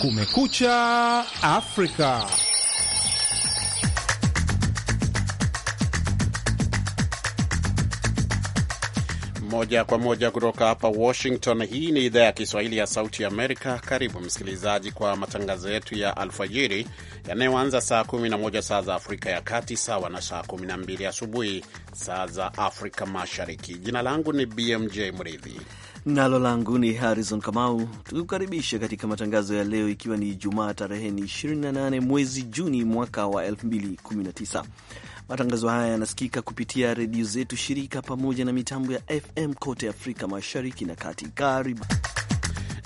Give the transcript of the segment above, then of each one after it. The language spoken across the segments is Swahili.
Kumekucha Afrika. Moja kwa moja kutoka hapa Washington. Hii ni idhaa ya Kiswahili ya Sauti Amerika. Karibu msikilizaji kwa matangazo yetu ya alfajiri yanayoanza saa 11 saa za Afrika ya Kati, sawa na saa 12 asubuhi saa za Afrika Mashariki. Jina langu ni BMJ Mridhi nalo langu ni Harrison Kamau. tukukaribishe katika matangazo ya leo, ikiwa ni Jumaa tareheni 28 mwezi Juni mwaka wa 2019. Matangazo haya yanasikika kupitia redio zetu shirika pamoja na mitambo ya FM kote Afrika Mashariki na Kati. Karibu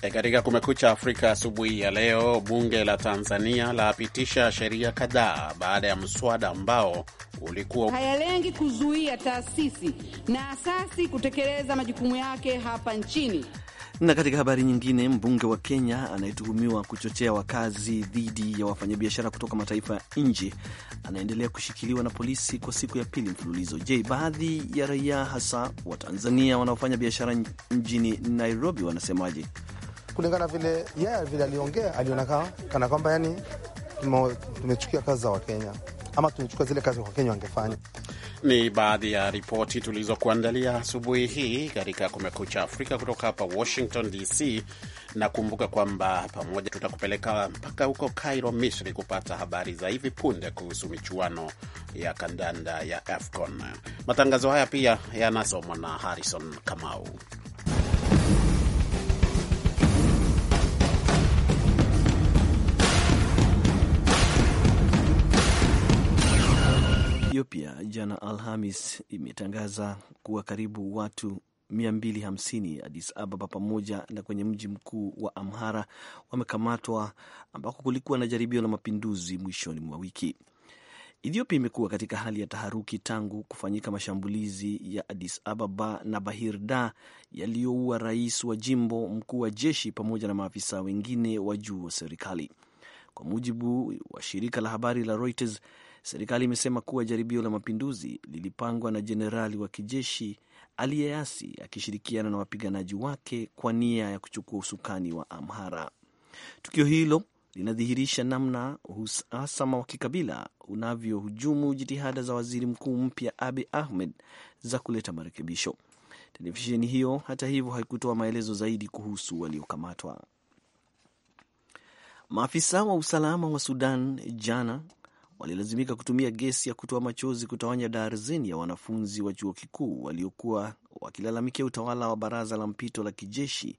E, katika Kumekucha Afrika asubuhi ya leo, bunge la Tanzania lapitisha sheria kadhaa baada ya mswada ambao ulikuwa hayalengi kuzuia taasisi na asasi kutekeleza majukumu yake hapa nchini. Na katika habari nyingine, mbunge wa Kenya anayetuhumiwa kuchochea wakazi dhidi ya wafanyabiashara kutoka mataifa ya nje anaendelea kushikiliwa na polisi kwa siku ya pili mfululizo. Je, baadhi ya raia hasa wa Tanzania wanaofanya biashara mjini Nairobi wanasemaje? kulingana vile yeye vile aliongea, aliona kana kwamba yani tumechukia kazi za Wakenya ama tulichukua zile kazi Wakenya wangefanya. Ni baadhi ya ripoti tulizokuandalia asubuhi hii katika Kumekucha Afrika kutoka hapa Washington DC, na kumbuka kwamba pamoja tutakupeleka mpaka huko Cairo, Misri, kupata habari za hivi punde kuhusu michuano ya kandanda ya AFCON. Matangazo haya pia yanasomwa na Harrison Kamau. Ethiopia jana Alhamis imetangaza kuwa karibu watu 250 Addis Ababa pamoja na kwenye mji mkuu wa Amhara wamekamatwa ambako kulikuwa na jaribio la mapinduzi mwishoni mwa wiki. Ethiopia imekuwa katika hali ya taharuki tangu kufanyika mashambulizi ya Addis Ababa na Bahir Dar yaliyoua rais wa jimbo, mkuu wa jeshi pamoja na maafisa wengine wa juu wa serikali. Kwa mujibu wa shirika la habari la Reuters, Serikali imesema kuwa jaribio la mapinduzi lilipangwa na jenerali wa kijeshi aliyeasi akishirikiana na wapiganaji wake kwa nia ya kuchukua usukani wa Amhara. Tukio hilo linadhihirisha namna uhasama wa kikabila unavyohujumu jitihada za waziri mkuu mpya Abi Ahmed za kuleta marekebisho. Televisheni hiyo hata hivyo haikutoa maelezo zaidi kuhusu waliokamatwa. Maafisa wa usalama wa Sudan jana walilazimika kutumia gesi ya kutoa machozi kutawanya darzeni ya wanafunzi wa chuo kikuu waliokuwa wakilalamikia utawala wa baraza la mpito la kijeshi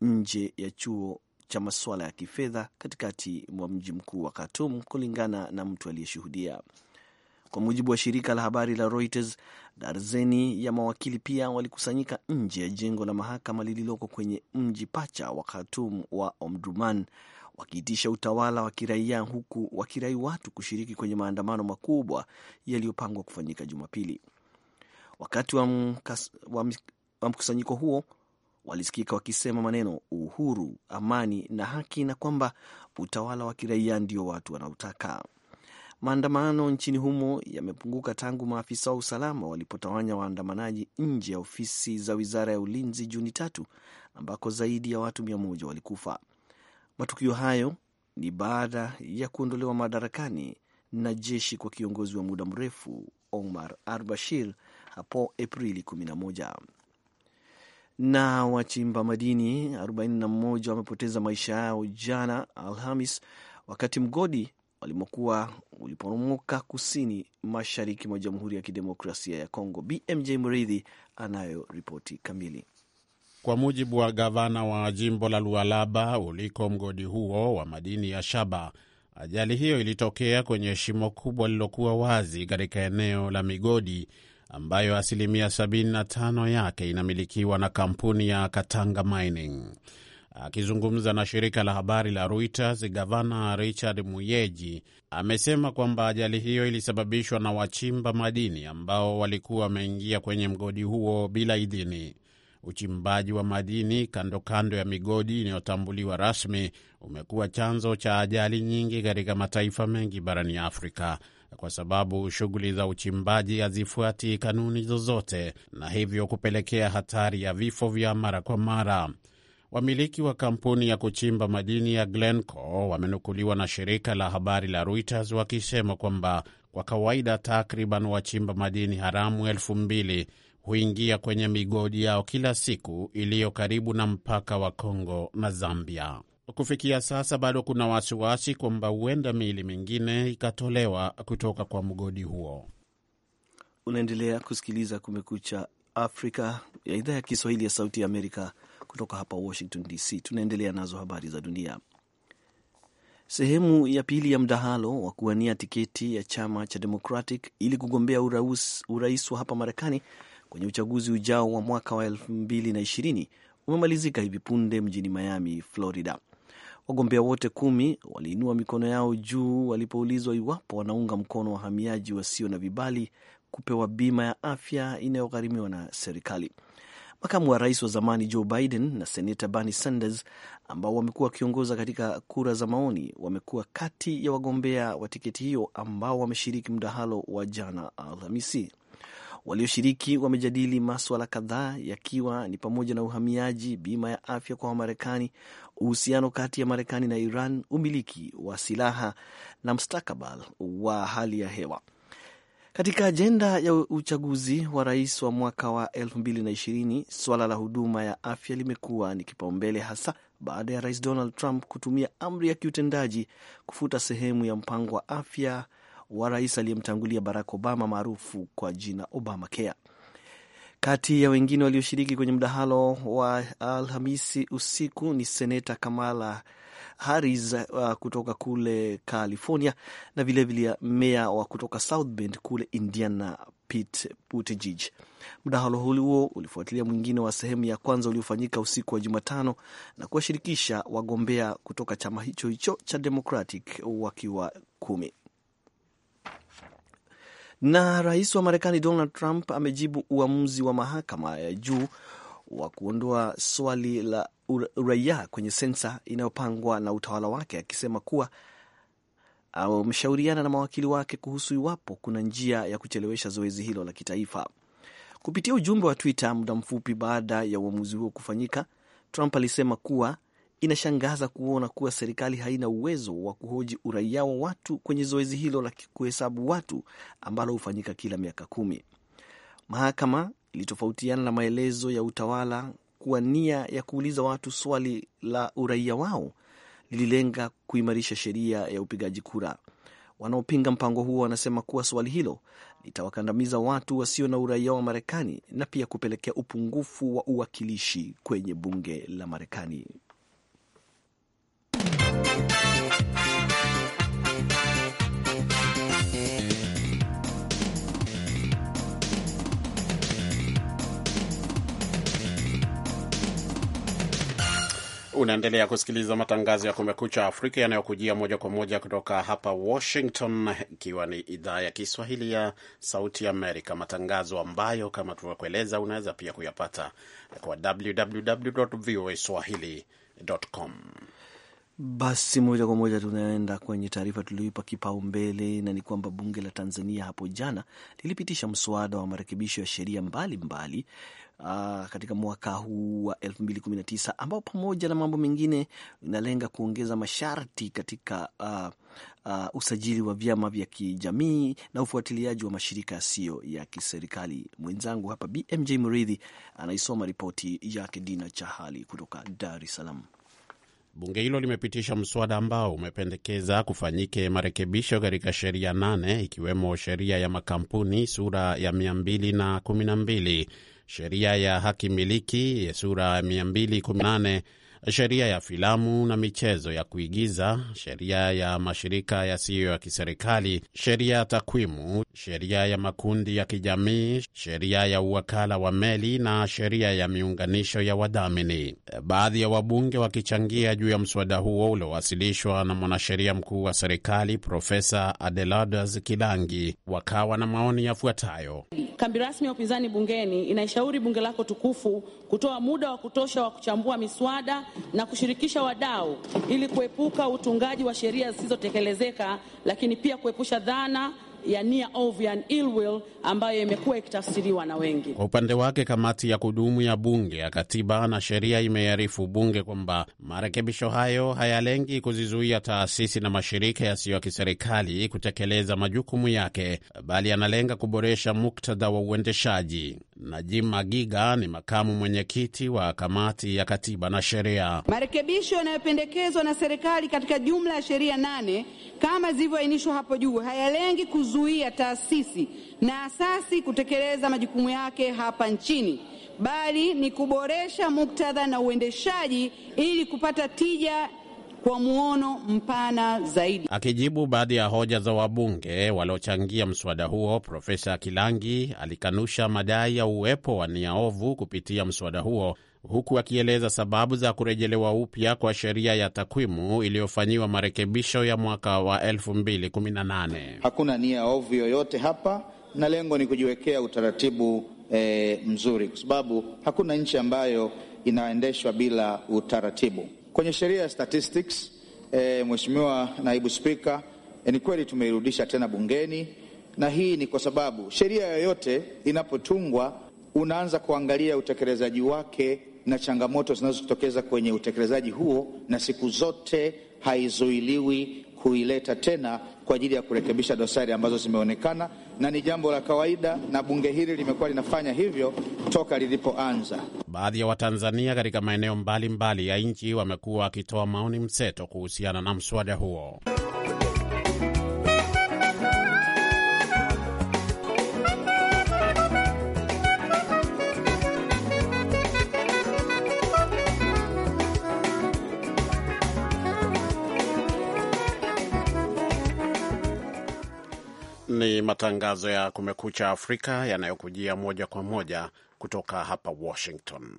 nje ya chuo cha masuala ya kifedha katikati mwa mji mkuu wa Khartoum, kulingana na mtu aliyeshuhudia. Kwa mujibu wa shirika la habari la Reuters, darzeni ya mawakili pia walikusanyika nje ya jengo la mahakama lililoko kwenye mji pacha wa Khartoum wa Omdurman wakiitisha utawala wa kiraia huku wakirai watu kushiriki kwenye maandamano makubwa yaliyopangwa kufanyika Jumapili. Wakati wa, mkusanyiko huo walisikika wakisema maneno uhuru, amani na haki, na kwamba utawala wa kiraia ndio watu wanaotaka. Maandamano nchini humo yamepunguka tangu maafisa wa usalama walipotawanya waandamanaji nje ya ofisi za wizara ya ulinzi Juni tatu ambako zaidi ya watu mia moja walikufa. Matukio hayo ni baada ya kuondolewa madarakani na jeshi kwa kiongozi wa muda mrefu Omar al-Bashir hapo Aprili 11. Na wachimba madini 41 wamepoteza maisha yao jana Alhamis wakati mgodi walimokuwa uliporomoka kusini mashariki mwa Jamhuri ya Kidemokrasia ya Kongo. BMJ Mridhi anayo ripoti kamili. Kwa mujibu wa gavana wa jimbo la Lualaba uliko mgodi huo wa madini ya shaba, ajali hiyo ilitokea kwenye shimo kubwa lililokuwa wazi katika eneo la migodi ambayo asilimia 75 yake inamilikiwa na kampuni ya Katanga Mining. Akizungumza na shirika la habari la Reuters, gavana Richard Muyeji amesema kwamba ajali hiyo ilisababishwa na wachimba madini ambao walikuwa wameingia kwenye mgodi huo bila idhini uchimbaji wa madini kando kando ya migodi inayotambuliwa rasmi umekuwa chanzo cha ajali nyingi katika mataifa mengi barani Afrika kwa sababu shughuli za uchimbaji hazifuati kanuni zozote na hivyo kupelekea hatari ya vifo vya mara kwa mara. Wamiliki wa kampuni ya kuchimba madini ya Glencore wamenukuliwa na shirika la habari la Reuters wakisema kwamba kwa kawaida takriban wachimba madini haramu elfu mbili huingia kwenye migodi yao kila siku iliyo karibu na mpaka wa Kongo na Zambia. Kufikia sasa bado kuna wasiwasi kwamba huenda miili mingine ikatolewa kutoka kwa mgodi huo. Unaendelea kusikiliza Kumekucha Afrika ya idhaa ya Kiswahili ya Sauti ya Amerika kutoka hapa Washington DC. Tunaendelea nazo habari za dunia. Sehemu ya pili ya mdahalo wa kuwania tiketi ya chama cha Democratic ili kugombea urais wa hapa Marekani kwenye uchaguzi ujao wa mwaka wa 2020 umemalizika hivi punde mjini Miami, Florida. Wagombea wote kumi waliinua mikono yao juu walipoulizwa iwapo wanaunga mkono wahamiaji wasio na vibali kupewa bima ya afya inayogharimiwa na serikali. Makamu wa rais wa zamani Joe Biden na seneta Bernie Sanders ambao wamekuwa wakiongoza katika kura za maoni wamekuwa kati ya wagombea wa tiketi hiyo ambao wameshiriki mdahalo wa jana Alhamisi. Walioshiriki wamejadili maswala kadhaa yakiwa ni pamoja na uhamiaji, bima ya afya kwa Wamarekani, uhusiano kati ya Marekani na Iran, umiliki wa silaha na mstakabal wa hali ya hewa. Katika ajenda ya uchaguzi wa rais wa mwaka wa 2020 swala la huduma ya afya limekuwa ni kipaumbele, hasa baada ya rais Donald Trump kutumia amri ya kiutendaji kufuta sehemu ya mpango wa afya wa rais aliyemtangulia Barack Obama maarufu kwa jina Obamacare. Kati ya wengine walioshiriki kwenye mdahalo wa Alhamisi usiku ni seneta Kamala Harris uh, kutoka kule California na vilevile meya wa kutoka South Bend kule Indiana, Pete Buttigieg. Mdahalo huo ulifuatilia mwingine wa sehemu ya kwanza uliofanyika usiku wa Jumatano na kuwashirikisha wagombea kutoka chama hicho hicho cha Democratic wakiwa kumi. Na rais wa Marekani Donald Trump amejibu uamuzi wa mahakama ya juu wa kuondoa swali la uraia kwenye sensa inayopangwa na utawala wake, akisema kuwa ameshauriana na mawakili wake kuhusu iwapo kuna njia ya kuchelewesha zoezi hilo la kitaifa. Kupitia ujumbe wa Twitter muda mfupi baada ya uamuzi huo kufanyika, Trump alisema kuwa Inashangaza kuona kuwa serikali haina uwezo wa kuhoji uraia wa watu kwenye zoezi hilo la kuhesabu watu ambalo hufanyika kila miaka kumi. Mahakama ilitofautiana na maelezo ya utawala kuwa nia ya kuuliza watu swali la uraia wao lililenga kuimarisha sheria ya upigaji kura. Wanaopinga mpango huo wanasema kuwa swali hilo litawakandamiza watu wasio na uraia wa Marekani na pia kupelekea upungufu wa uwakilishi kwenye bunge la Marekani. Unaendelea kusikiliza matangazo ya Kumekucha Afrika yanayokujia moja kwa moja kutoka hapa Washington, ikiwa ni idhaa ya Kiswahili ya Sauti Amerika, matangazo ambayo kama tulivyokueleza unaweza pia kuyapata kwa www voa swahili.com. Basi moja kwa moja tunaenda kwenye taarifa tulioipa kipaumbele, na ni kwamba bunge la Tanzania hapo jana lilipitisha mswada wa marekebisho ya sheria mbalimbali uh, katika mwaka huu wa 2019 ambao pamoja na mambo mengine inalenga kuongeza masharti katika uh, uh, usajili wa vyama vya kijamii na ufuatiliaji wa mashirika yasiyo ya kiserikali. Mwenzangu hapa BMJ Mridhi anaisoma ripoti yake Dina Chahali kutoka Dar es Salaam. Bunge hilo limepitisha mswada ambao umependekeza kufanyike marekebisho katika sheria nane ikiwemo sheria ya makampuni sura ya mia mbili na kumi na mbili sheria ya haki miliki sura ya 218 sheria ya filamu na michezo ya kuigiza, sheria ya mashirika yasiyo ya kiserikali, sheria ya takwimu, sheria ya makundi ya kijamii, sheria ya uwakala wa meli na sheria ya miunganisho ya wadhamini. Baadhi ya wabunge wakichangia juu ya mswada huo uliowasilishwa na mwanasheria mkuu wa serikali Profesa Adelardus Kilangi wakawa na maoni yafuatayo. Kambi rasmi ya upinzani bungeni inaishauri bunge lako tukufu kutoa muda wa kutosha wa kuchambua miswada na kushirikisha wadau ili kuepuka utungaji wa sheria zisizotekelezeka, lakini pia kuepusha dhana ya nia ovu ya ill will ambayo imekuwa ikitafsiriwa na wengi. Kwa upande wake, kamati ya kudumu ya bunge ya katiba na sheria imearifu bunge kwamba marekebisho hayo hayalengi kuzizuia taasisi na mashirika yasiyo ya kiserikali kutekeleza majukumu yake, bali yanalenga kuboresha muktadha wa uendeshaji. Najim Magiga ni makamu mwenyekiti wa kamati ya katiba na sheria. Marekebisho yanayopendekezwa na serikali katika jumla ya sheria nane kama zilivyoainishwa hapo juu hayalengi kuzuia taasisi na asasi kutekeleza majukumu yake hapa nchini, bali ni kuboresha muktadha na uendeshaji ili kupata tija kwa muono mpana zaidi. Akijibu baadhi ya hoja za wabunge waliochangia mswada huo, Profesa Kilangi alikanusha madai ya uwepo wa nia ovu kupitia mswada huo huku akieleza sababu za kurejelewa upya kwa sheria ya takwimu iliyofanyiwa marekebisho ya mwaka wa 2018. Hakuna nia ovu yoyote hapa, na lengo ni kujiwekea utaratibu e, mzuri, kwa sababu hakuna nchi ambayo inaendeshwa bila utaratibu. Kwenye sheria ya statistics, e, Mheshimiwa Naibu Spika, e, ni kweli tumeirudisha tena bungeni, na hii ni kwa sababu sheria yoyote inapotungwa unaanza kuangalia utekelezaji wake na changamoto zinazotokeza kwenye utekelezaji huo, na siku zote haizuiliwi kuileta tena kwa ajili ya kurekebisha dosari ambazo zimeonekana na ni jambo la kawaida, na bunge hili limekuwa linafanya hivyo toka lilipoanza. Baadhi ya Watanzania katika maeneo mbalimbali ya nchi wamekuwa wakitoa maoni mseto kuhusiana na mswada huo. ni matangazo ya Kumekucha Afrika yanayokujia moja kwa moja kutoka hapa Washington.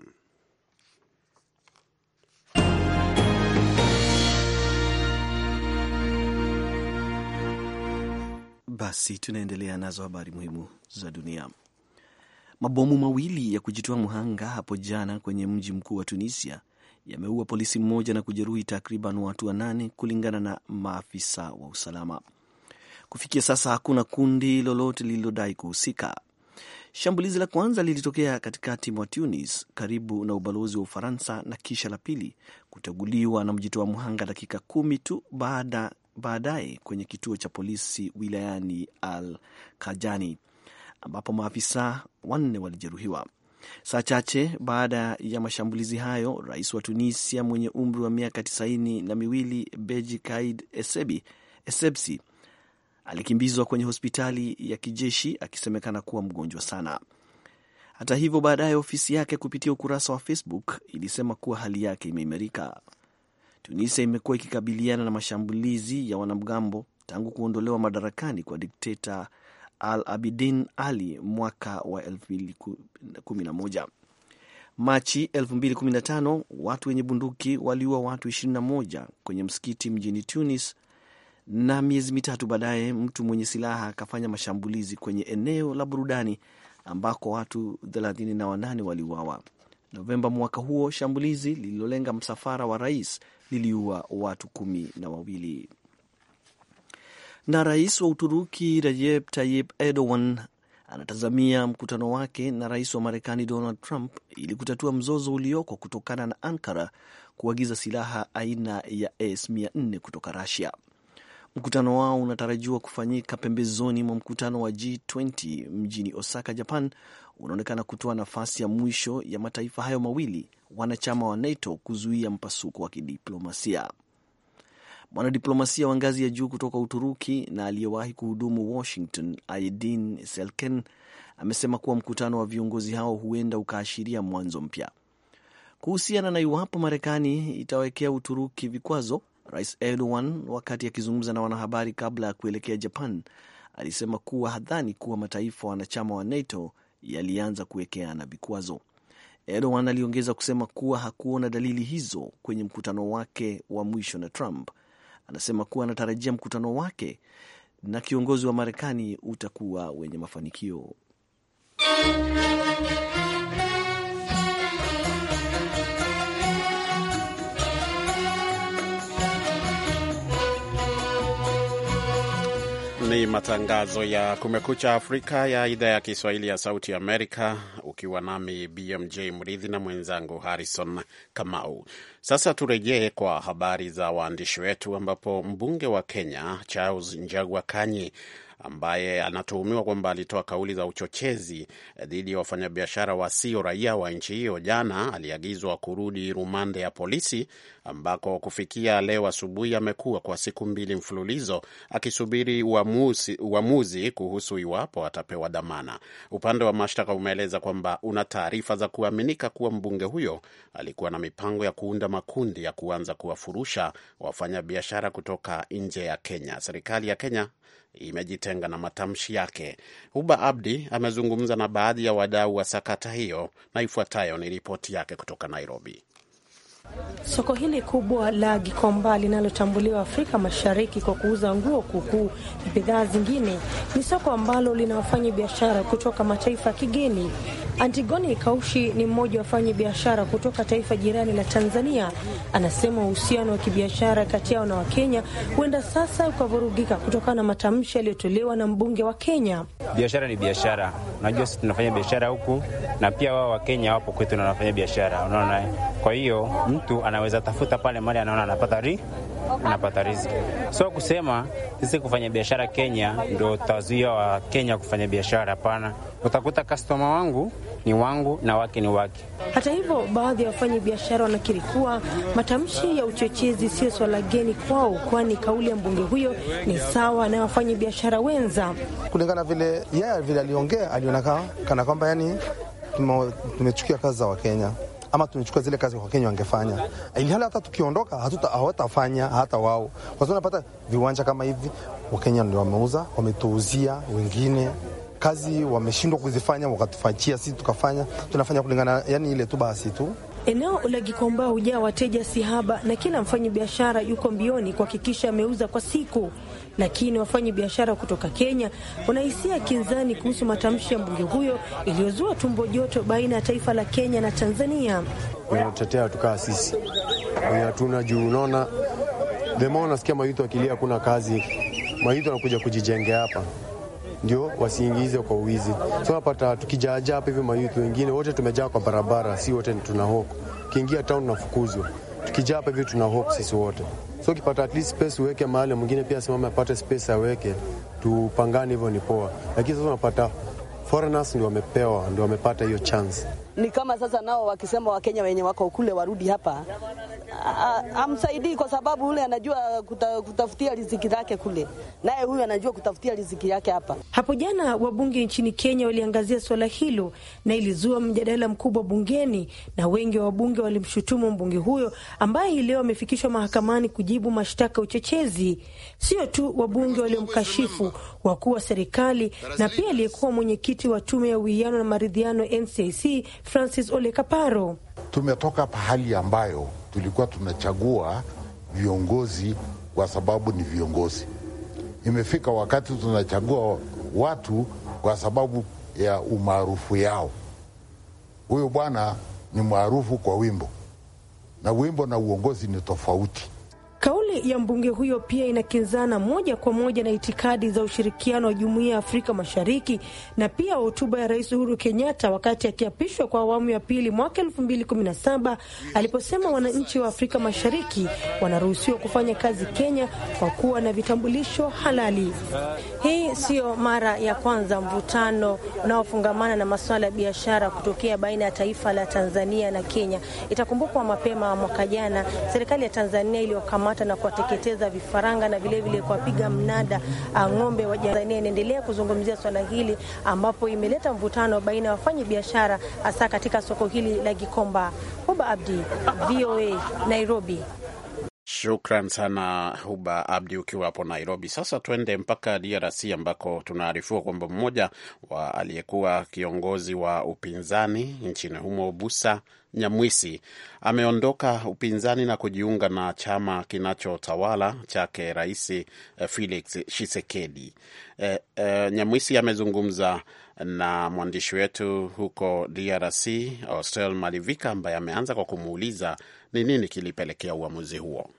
Basi tunaendelea nazo habari muhimu za dunia. Mabomu mawili ya kujitoa mhanga hapo jana kwenye mji mkuu wa Tunisia yameua polisi mmoja na kujeruhi takriban watu wanane kulingana na maafisa wa usalama. Kufikia sasa hakuna kundi lolote lililodai kuhusika. Shambulizi la kwanza lilitokea katikati mwa Tunis karibu na ubalozi wa Ufaransa na kisha la pili kuteguliwa na mjitoa mhanga dakika kumi tu baada baadaye kwenye kituo cha polisi wilayani Al Kajani ambapo maafisa wanne walijeruhiwa. Saa chache baada ya mashambulizi hayo, rais wa Tunisia mwenye umri wa miaka tisaini na miwili Beji Kaid Esebsi alikimbizwa kwenye hospitali ya kijeshi akisemekana kuwa mgonjwa sana. Hata hivyo, baadaye ofisi yake kupitia ukurasa wa Facebook ilisema kuwa hali yake imeimarika. Tunisia imekuwa ikikabiliana na mashambulizi ya wanamgambo tangu kuondolewa madarakani kwa dikteta Al Abidin Ali mwaka wa 2011. Machi 2015 watu wenye bunduki waliua watu 21 kwenye msikiti mjini Tunis na miezi mitatu baadaye mtu mwenye silaha akafanya mashambulizi kwenye eneo la burudani ambako watu 38 na wanane waliuawa. Novemba mwaka huo, shambulizi lililolenga msafara wa rais liliua watu kumi na wawili. Na rais wa Uturuki Recep Tayyip Erdogan anatazamia mkutano wake na rais wa Marekani Donald Trump ili kutatua mzozo ulioko kutokana na Ankara kuagiza silaha aina ya s 400 kutoka rasia Mkutano wao unatarajiwa kufanyika pembezoni mwa mkutano wa G20 mjini Osaka, Japan, unaonekana kutoa nafasi ya mwisho ya mataifa hayo mawili wanachama wa NATO kuzuia mpasuko wa kidiplomasia. Mwanadiplomasia wa ngazi ya juu kutoka Uturuki na aliyewahi kuhudumu Washington, Aydin Selken, amesema kuwa mkutano wa viongozi hao huenda ukaashiria mwanzo mpya kuhusiana na iwapo Marekani itawekea Uturuki vikwazo. Rais Erdogan, wakati akizungumza na wanahabari kabla ya kuelekea Japan, alisema kuwa hadhani kuwa mataifa wanachama wa NATO yalianza kuwekeana vikwazo. Erdogan aliongeza kusema kuwa hakuona dalili hizo kwenye mkutano wake wa mwisho na Trump. Anasema kuwa anatarajia mkutano wake na kiongozi wa Marekani utakuwa wenye mafanikio. ni matangazo ya Kumekucha Afrika ya idhaa ya Kiswahili ya Sauti Amerika, ukiwa nami BMJ Mridhi na mwenzangu Harrison Kamau. Sasa turejee kwa habari za waandishi wetu, ambapo mbunge wa Kenya Charles Njagwa Kanyi ambaye anatuhumiwa kwamba alitoa kauli za uchochezi dhidi ya wafanyabiashara wasio raia wa nchi hiyo, jana aliagizwa kurudi rumande ya polisi ambako kufikia leo asubuhi amekuwa kwa siku mbili mfululizo akisubiri uamuzi, uamuzi kuhusu iwapo atapewa dhamana. Upande wa mashtaka umeeleza kwamba una taarifa za kuaminika kuwa mbunge huyo alikuwa na mipango ya kuunda makundi ya kuanza kuwafurusha wafanyabiashara kutoka nje ya Kenya. Serikali ya Kenya imejitenga na matamshi yake. Huba Abdi amezungumza na baadhi ya wadau wa sakata hiyo na ifuatayo ni ripoti yake kutoka Nairobi. Soko hili kubwa la Gikomba linalotambuliwa Afrika Mashariki kwa kuuza nguo, kukuu na bidhaa zingine, ni soko ambalo lina wafanya biashara kutoka mataifa ya kigeni. Antigoni Kaushi ni mmoja wa wafanya biashara kutoka taifa jirani la Tanzania. Anasema uhusiano wa kibiashara kati yao na Wakenya huenda sasa ukavurugika kutokana na matamshi yaliyotolewa na mbunge wa Kenya. Biashara ni biashara, unajua sisi tunafanya biashara huku na pia wao Wakenya wapo kwetu na wanafanya biashara, unaona. Kwa hiyo mtu anaweza tafuta pale mali anaona anapata ri anapata riziki. So kusema sisi kufanya biashara Kenya ndio tazuia wa Kenya kufanya biashara, hapana. Utakuta kastoma wangu ni wangu na wake ni wake. Hata hivyo, baadhi ya wafanya biashara wanakiri kuwa matamshi ya uchochezi sio swala geni kwao, kwani kauli ya mbunge huyo ni sawa na wafanya biashara wenza. Kulingana vile yeye vile aliongea, aliona kana kwamba yani tumechukia kazi za Wakenya ama tumechukua zile kazi kwa Kenya wangefanya, ili hali hata tukiondoka hatuta hawatafanya hata wao, kwa sababu unapata viwanja kama hivi Wakenya ndio wameuza, wametuuzia wengine kazi wameshindwa kuzifanya wakatufachia sisi tukafanya, tunafanya kulingana, yani ile tu basi tu. Eneo la Gikomba hujaa wateja sihaba, na kila mfanyi biashara yuko mbioni kuhakikisha ameuza kwa siku lakini wafanyi biashara kutoka Kenya wanahisia kinzani kuhusu matamshi ya mbunge huyo iliyozua tumbo joto baina ya taifa la Kenya na Tanzania. Wanatutetea tukaa sisi wenye hatuna juu. Unaona, dema nasikia mayuto akilia hakuna kazi, mayuto anakuja kujijengea hapa ndio wasiingize kwa uwizi. So so, tukijaajaa hapa hivi mayuto wengine wote tumejaa kwa barabara, si wote tunahoko, ukiingia town nafukuzwa tukijaa hapa hivi tuna hope sisi wote, so ukipata at least space uweke mahali mwingine, pia simama apate space aweke, tupangane, hivyo ni poa. Lakini sasa unapata foreigners ndio wamepewa, ndio wamepata hiyo chance. Ni kama sasa nao wakisema Wakenya wenye wako kule warudi hapa, Ah, ah, amsaidii kwa sababu yule anajua kuta, kutafutia riziki lake kule, naye huyu anajua kutafutia riziki yake hapa. Hapo jana wabunge nchini Kenya waliangazia suala hilo na ilizua mjadala mkubwa bungeni, na wengi wa wabunge walimshutumu mbunge huyo ambaye hii leo amefikishwa mahakamani kujibu mashtaka ya uchechezi. Sio tu wabunge waliomkashifu, wakuu wa serikali na pia aliyekuwa mwenyekiti wa tume ya uwiano na maridhiano NCIC Francis Ole Kaparo. Tumetoka pahali ambayo tulikuwa tunachagua viongozi kwa sababu ni viongozi. Imefika wakati tunachagua watu kwa sababu ya umaarufu yao. Huyu bwana ni maarufu kwa wimbo, na wimbo na uongozi ni tofauti ya mbunge huyo pia inakinzana moja kwa moja na itikadi za ushirikiano wa Jumuiya ya Afrika Mashariki na pia hotuba ya Rais Uhuru Kenyatta wakati akiapishwa kwa awamu ya pili mwaka saba aliposema wananchi wa Afrika Mashariki wanaruhusiwa kufanya kazi Kenya kwa kuwa na vitambulisho halali. Hii siyo mara ya kwanza mvutano unaofungamana na masuala ya biashara kutokea baina ya taifa la Tanzania na Kenya. Itakumbukwa mapema mwaka jana serikali ya Tanzania iliyokamata na kwa kuwateketeza vifaranga na vilevile kuwapiga mnada ah, ng'ombe wa Tanzania. Inaendelea kuzungumzia swala hili ambapo imeleta mvutano baina ya wafanya biashara hasa katika soko hili la Gikomba. Huba Abdi, VOA, Nairobi. Shukran sana Huba Abdi, ukiwa hapo Nairobi. Sasa tuende mpaka DRC ambako tunaarifiwa kwamba mmoja wa aliyekuwa kiongozi wa upinzani nchini humo Busa Nyamwisi ameondoka upinzani na kujiunga na chama kinachotawala chake Rais eh, Felix Tshisekedi. E, e, Nyamwisi amezungumza na mwandishi wetu huko DRC Austel Malivika ambaye ameanza kwa kumuuliza ni nini kilipelekea uamuzi huo?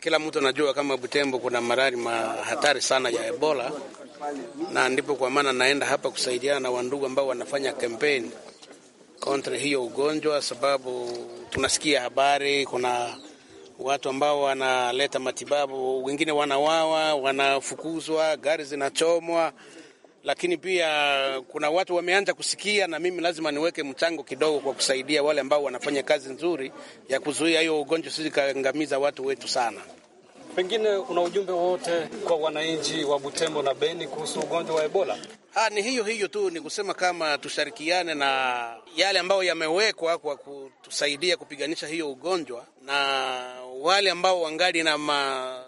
Kila mtu anajua kama Butembo kuna marari mahatari sana ya Ebola, na ndipo kwa maana naenda hapa kusaidiana na wandugu ambao wanafanya kampeni kontra hiyo ugonjwa, sababu tunasikia habari, kuna watu ambao wanaleta matibabu, wengine wanawawa, wanafukuzwa, gari zinachomwa lakini pia kuna watu wameanza kusikia, na mimi lazima niweke mchango kidogo kwa kusaidia wale ambao wanafanya kazi nzuri ya kuzuia hiyo ugonjwa usikaangamiza watu wetu sana. Pengine una ujumbe wowote kwa wananchi wa Butembo na Beni kuhusu ugonjwa wa Ebola? Ha, ni hiyo hiyo tu, ni kusema kama tushirikiane na yale ambayo yamewekwa kwa kutusaidia kupiganisha hiyo ugonjwa, na wale ambao wangali na ma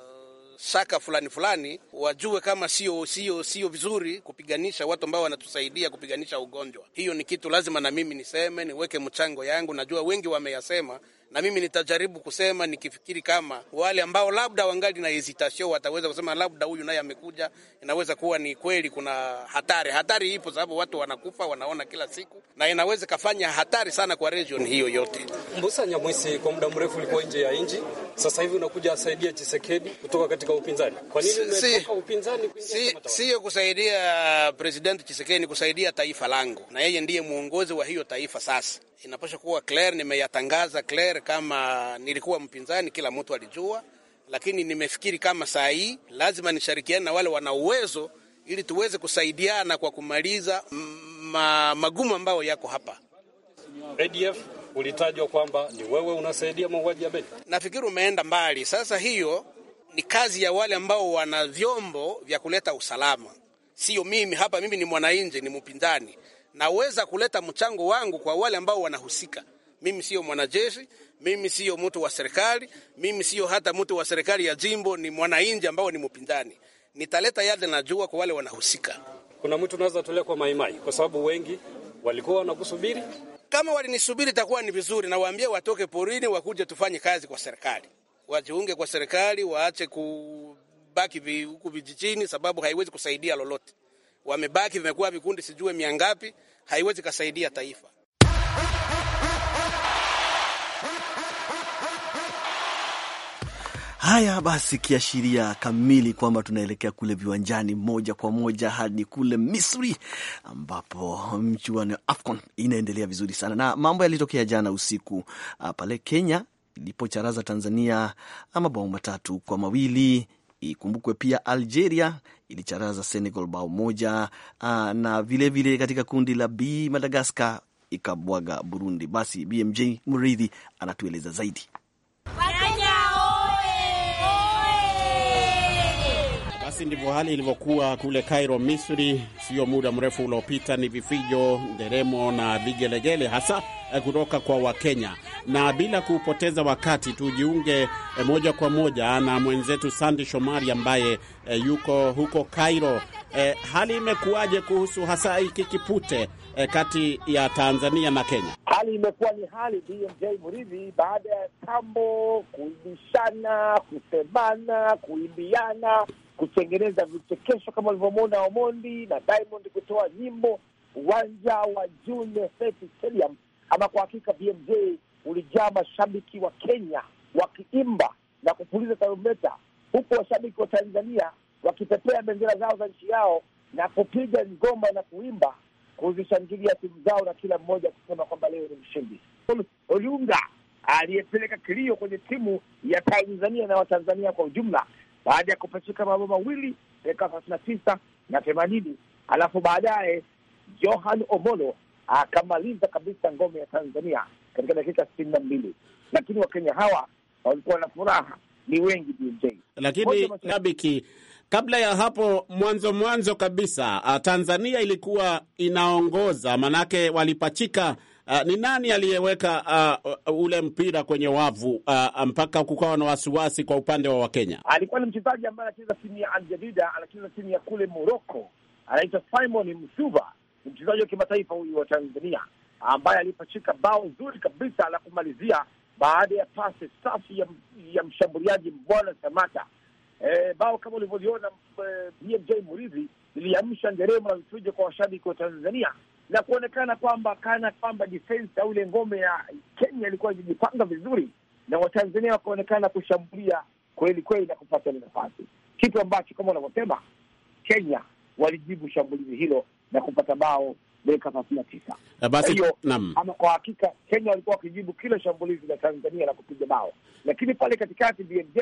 shaka fulani fulani, wajue kama sio sio sio vizuri kupiganisha watu ambao wanatusaidia kupiganisha ugonjwa. Hiyo ni kitu lazima na mimi niseme, niweke mchango yangu. Najua wengi wameyasema, na mimi nitajaribu kusema nikifikiri kama wale ambao labda wangali na hesitation wataweza kusema labda huyu naye amekuja, inaweza kuwa ni kweli. Kuna hatari, hatari ipo sababu watu wanakufa, wanaona kila siku, na inaweza kafanya hatari sana kwa region hiyo yote. Mbusa Nyamwisi kwa muda mrefu ulikuwa nje ya nchi, sasa hivi unakuja asaidia Chisekedi kutoka katika upinzani. Kwa nini umetoka upinzani kuingia si, kusaidia uh, president Chisekedi, kusaidia taifa langu, na yeye ndiye muongozi wa hiyo taifa sasa inapasha kuwa clear. Nimeyatangaza clear kama nilikuwa mpinzani, kila mtu alijua, lakini nimefikiri kama saa hii lazima nishirikiane na wale wana uwezo ili tuweze kusaidiana kwa kumaliza ma, magumu ambayo yako hapa. ADF ulitajwa kwamba ni wewe unasaidia mauaji ya Beni. Nafikiri umeenda mbali. Sasa hiyo ni kazi ya wale ambao wana vyombo vya kuleta usalama, sio mimi. Hapa mimi ni mwananchi, ni mpinzani naweza kuleta mchango wangu kwa wale ambao wanahusika. Mimi sio mwanajeshi, mimi sio mtu wa serikali, mimi sio hata mtu wa serikali ya jimbo, ni mwananchi ambao ni mpinzani. Nitaleta yale najua kwa wale wanahusika. Kuna mtu unaweza tolea kwa maimai, kwa sababu wengi walikuwa wanakusubiri. Kama walinisubiri itakuwa ni vizuri, na waambie watoke porini, wakuje tufanye kazi kwa serikali, wajiunge kwa serikali, waache kubaki huku vijijini, sababu haiwezi kusaidia lolote wamebaki, vimekuwa vikundi sijue mia ngapi, haiwezi kasaidia taifa. Haya basi, kiashiria kamili kwamba tunaelekea kule viwanjani moja kwa moja hadi kule Misri ambapo mchuano ya AFCON inaendelea vizuri sana, na mambo yalitokea jana usiku ah, pale Kenya ilipocharaza Tanzania ah, mabao matatu kwa mawili Ikumbukwe pia Algeria ilicharaza Senegal bao moja, ah, na vilevile vile katika kundi la B Madagaskar ikabwaga Burundi. Basi BMJ Mridhi anatueleza zaidi Wakanya. Basi ndivyo hali ilivyokuwa kule Cairo, Misri, sio muda mrefu uliopita. Ni vifijo, nderemo na vigelegele hasa eh, kutoka kwa Wakenya. Na bila kupoteza wakati, tujiunge eh, moja kwa moja na mwenzetu Sandi Shomari ambaye eh, yuko huko Cairo. hali imekuwaje kuhusu hasa hiki kipute kati ya Tanzania na Kenya? Hali imekuwa ni hali BMJ Muridhi, baada ya tambo kuibishana, kusemana, kuimbiana kutengeneza vichekesho kama walivyomwona Omondi na Diamond kutoa nyimbo uwanja wa June Stadium. Ama kwa hakika, BMJ ulijaa mashabiki wa Kenya wakiimba na kupuliza tarumbeta, huku washabiki wa Tanzania wakipepea bendera zao za nchi yao na kupiga ngoma na kuimba kuzishangilia timu zao, na kila mmoja kusema kwamba leo ni mshindi. Olunga aliyepeleka kilio kwenye timu ya Tanzania na Watanzania kwa ujumla baada ya kupachika mabao mawili dakika thelathini na tisa na themanini alafu baadaye Johan Omolo akamaliza kabisa ngome ya Tanzania katika dakika sitini na mbili, lakini Wakenya hawa walikuwa na furaha, ni wengi DJ. Lakini nabiki kabla ya hapo, mwanzo mwanzo kabisa uh, Tanzania ilikuwa inaongoza, manake walipachika Uh, ni nani aliyeweka uh, ule mpira kwenye wavu uh, mpaka kukawa na wasiwasi kwa upande wa Wakenya? Alikuwa ni mchezaji ambaye anacheza timu ya Aljadida, anacheza timu ya kule Moroko, anaitwa Simon Msuva, ni mchezaji wa kimataifa huyu wa Tanzania ambaye alipachika bao zuri kabisa la kumalizia baada ya pasi safi ya, ya mshambuliaji Mbwana Samata. E, bao kama ulivyoliona e, BMJ Muridhi liliamsha nderemo na vifujo kwa washabiki wa Tanzania na kuonekana kwamba kana kwamba defense au ile ngome ya Kenya ilikuwa ikijipanga vizuri, na Watanzania wakaonekana kushambulia kweli kweli na kupata ile nafasi, kitu ambacho kama unavyosema Kenya walijibu shambulizi hilo na kupata bao dakika thelathini na tisa. Kwa hiyo ama kwa hakika Kenya walikuwa wakijibu kila shambulizi la Tanzania la kupiga bao, lakini pale katikati BMJ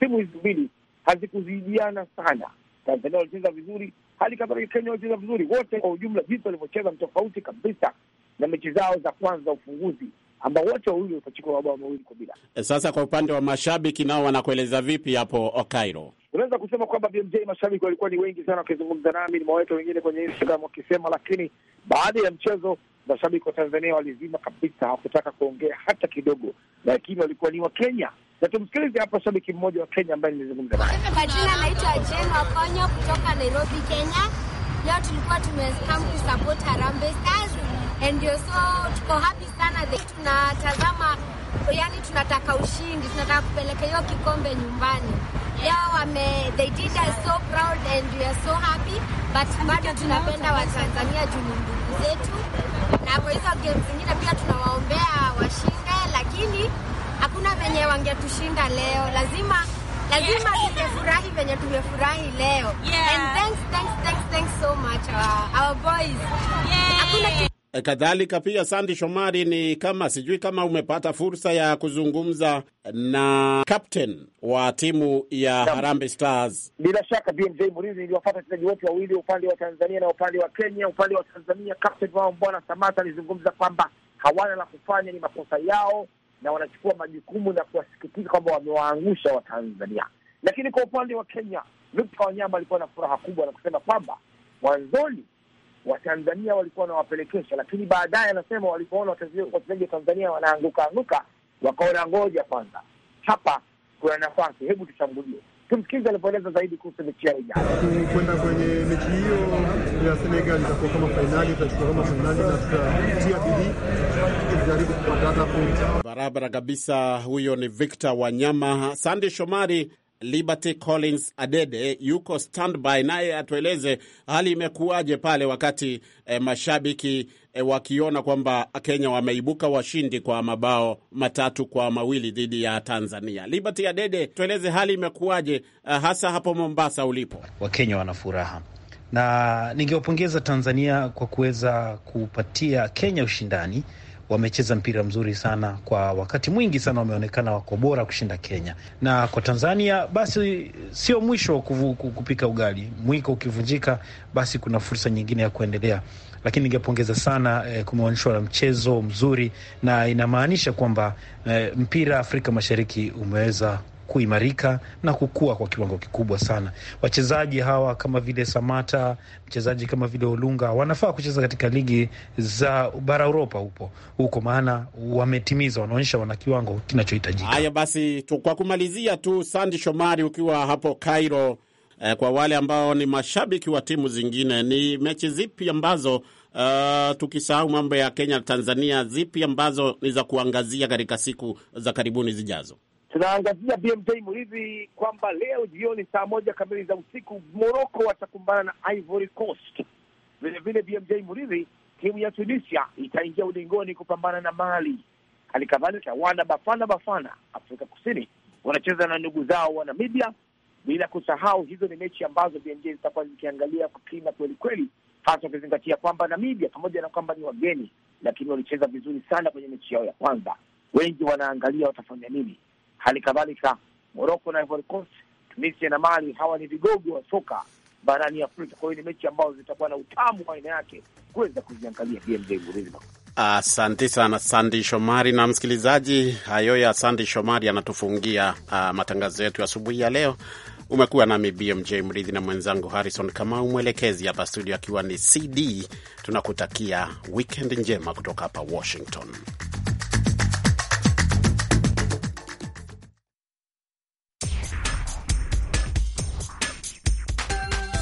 timu hizi mbili hazikuzidiana sana. Tanzania walicheza vizuri, hali kadhalika Kenya walicheza vizuri wote kwa ujumla, jinsi walivyocheza tofauti kabisa na mechi zao za kwanza za ufunguzi ambao wote wawili wapachikwa mabao mawili kwa bila. Eh, sasa kwa upande wa mashabiki nao wanakueleza vipi hapo oh, Cairo? Unaweza kusema kwamba BMJ mashabiki walikuwa ni wengi sana wakizungumza nami, nimewaweka wengine kwenye Instagram wakisema, lakini baada ya mchezo mashabiki wa Tanzania walizima kabisa, hawakutaka kuongea hata kidogo, lakini walikuwa ni Wakenya na tumsikilize hapa shabiki mmoja wa Kenya ambaye nilizungumza naye. Kwa jina anaitwa Jen Okonyo kutoka Nairobi, Kenya. Leo tulikuwa tumekam kusapoti Harambee Stars and ndio, so tuko happy sana, tunatazama yani, tunataka ushindi, tunataka kupeleka hiyo kikombe nyumbani. Leo wame they did us so proud and we are so happy, but bado tunapenda Watanzania juu ndugu zetu na kwa hizo game zingine pia tunawaombea washinde, lakini hakuna venye wangetushinda leo. Lazima lazima tungefurahi yeah. venye tumefurahi leo yeah. and thanks, thanks, thanks, thanks so much our, our boys yeah. hakuna E, kadhalika pia Sandi Shomari, ni kama sijui kama umepata fursa ya kuzungumza na captain wa timu ya Harambee Stars. Bila shaka BMJ Murithi, niliwapata wachezaji wote wawili, upande wa Tanzania na upande wa Kenya. Upande wa Tanzania, captain wao Bwana Samata alizungumza kwamba hawana la kufanya, ni makosa yao na wanachukua majukumu na kuwasikitika kwamba wamewaangusha Watanzania. Lakini kwa upande wa Kenya, Victor Wanyama alikuwa na furaha kubwa na kusema kwamba mwanzoni Watanzania walikuwa wanawapelekesha, lakini baadaye anasema walipoona wachezaji wa Tanzania wanaanguka anguka, wakaona ngoja kwanza, hapa kuna nafasi, hebu tushambulie. Tumsikilize alivyoeleza zaidi kuhusu mechi ya ijayo. Kwenda kwenye mechi hiyo ya Senegal itakuwa kama fainali, itachukua kama fainali na tutatia bidii kujaribu kupata hata barabara kabisa. Huyo ni Victor Wanyama. Sande Shomari. Liberty Collins Adede yuko standby, naye atueleze hali imekuwaje pale wakati e, mashabiki e, wakiona kwamba Kenya wameibuka washindi kwa mabao matatu kwa mawili dhidi ya Tanzania. Liberty Adede, tueleze hali imekuwaje eh, hasa hapo Mombasa ulipo. Wakenya wana furaha na ningewapongeza Tanzania kwa kuweza kupatia Kenya ushindani wamecheza mpira mzuri sana kwa wakati mwingi sana, wameonekana wako bora kushinda Kenya. Na kwa Tanzania basi sio mwisho wa kupika ugali, mwiko ukivunjika, basi kuna fursa nyingine ya kuendelea lakini ningepongeza sana eh, kumeonyeshwa na mchezo mzuri na inamaanisha kwamba eh, mpira Afrika Mashariki umeweza kuimarika na kukua kwa kiwango kikubwa sana. Wachezaji hawa kama vile Samata, mchezaji kama vile Olunga wanafaa kucheza katika ligi za bara Uropa hupo huko, maana wametimiza, wanaonyesha wana kiwango kinachohitajika. Haya basi tu, kwa kumalizia tu, Sandi Shomari, ukiwa hapo Cairo, eh, kwa wale ambao ni mashabiki wa timu zingine, ni mechi zipi ambazo Uh, tukisahau mambo ya Kenya Tanzania, zipi ambazo ni za kuangazia katika siku za karibuni zijazo? Tunaangazia BMJ Muridhi kwamba leo jioni saa moja kamili za usiku Moroko watakumbana na Ivory Coast. Vilevile BMJ Muridhi, timu ya Tunisia itaingia ulingoni kupambana na Mali. Hali kadhalika wana Bafana Bafana Afrika Kusini wanacheza na ndugu zao wa Namibia, bila kusahau hizo ni mechi ambazo BMJ zitakuwa zikiangalia kwa kweli kweli, hasa ukizingatia kwamba Namibia pamoja na kwamba ni wageni, lakini walicheza vizuri sana kwenye mechi yao ya kwanza. Wengi wanaangalia watafanya nini Hali kadhalika Moroko na Ivory Coast, Tunisia na Mali, hawa ni vigogo wa soka barani Afrika. Kwa hiyo ni mechi ambazo zitakuwa na utamu wa aina yake kuweza kuziangalia. Asante uh, sana Sandi Shomari. Na msikilizaji, hayo ya Sandi Shomari anatufungia uh, ah, matangazo yetu asubuhi ya, leo. Umekuwa nami BMJ Mridhi na mwenzangu Harrison Kamau, mwelekezi hapa studio akiwa ni CD. Tunakutakia wikend njema kutoka hapa Washington.